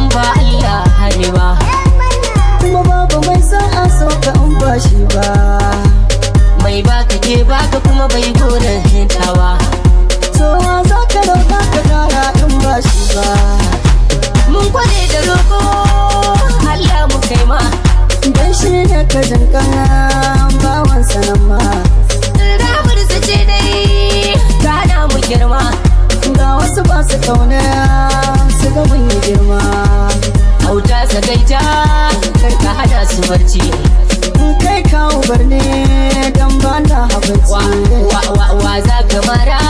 san ba Allah hali ba kuma babu mai san a so ka in ba shi ba mai baka ke baka kuma bai gona ba. to za ka roƙa ka kara in bashi ba mun kwade da roƙo Allah mu kai ma dan shi ne ka jinkana bawan sanan ma Rabar su ce dai ta mu girma ga wasu ba su kauna kasa gaita kar ka hada su barci kai kawo barne dan bana habaici wa wa wa za ka mara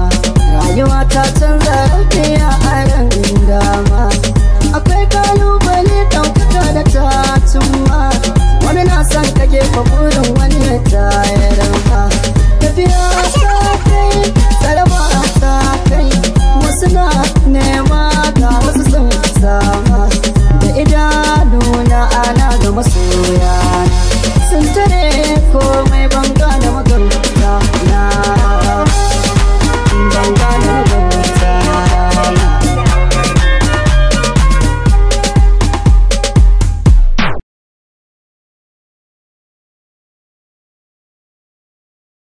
You are touching the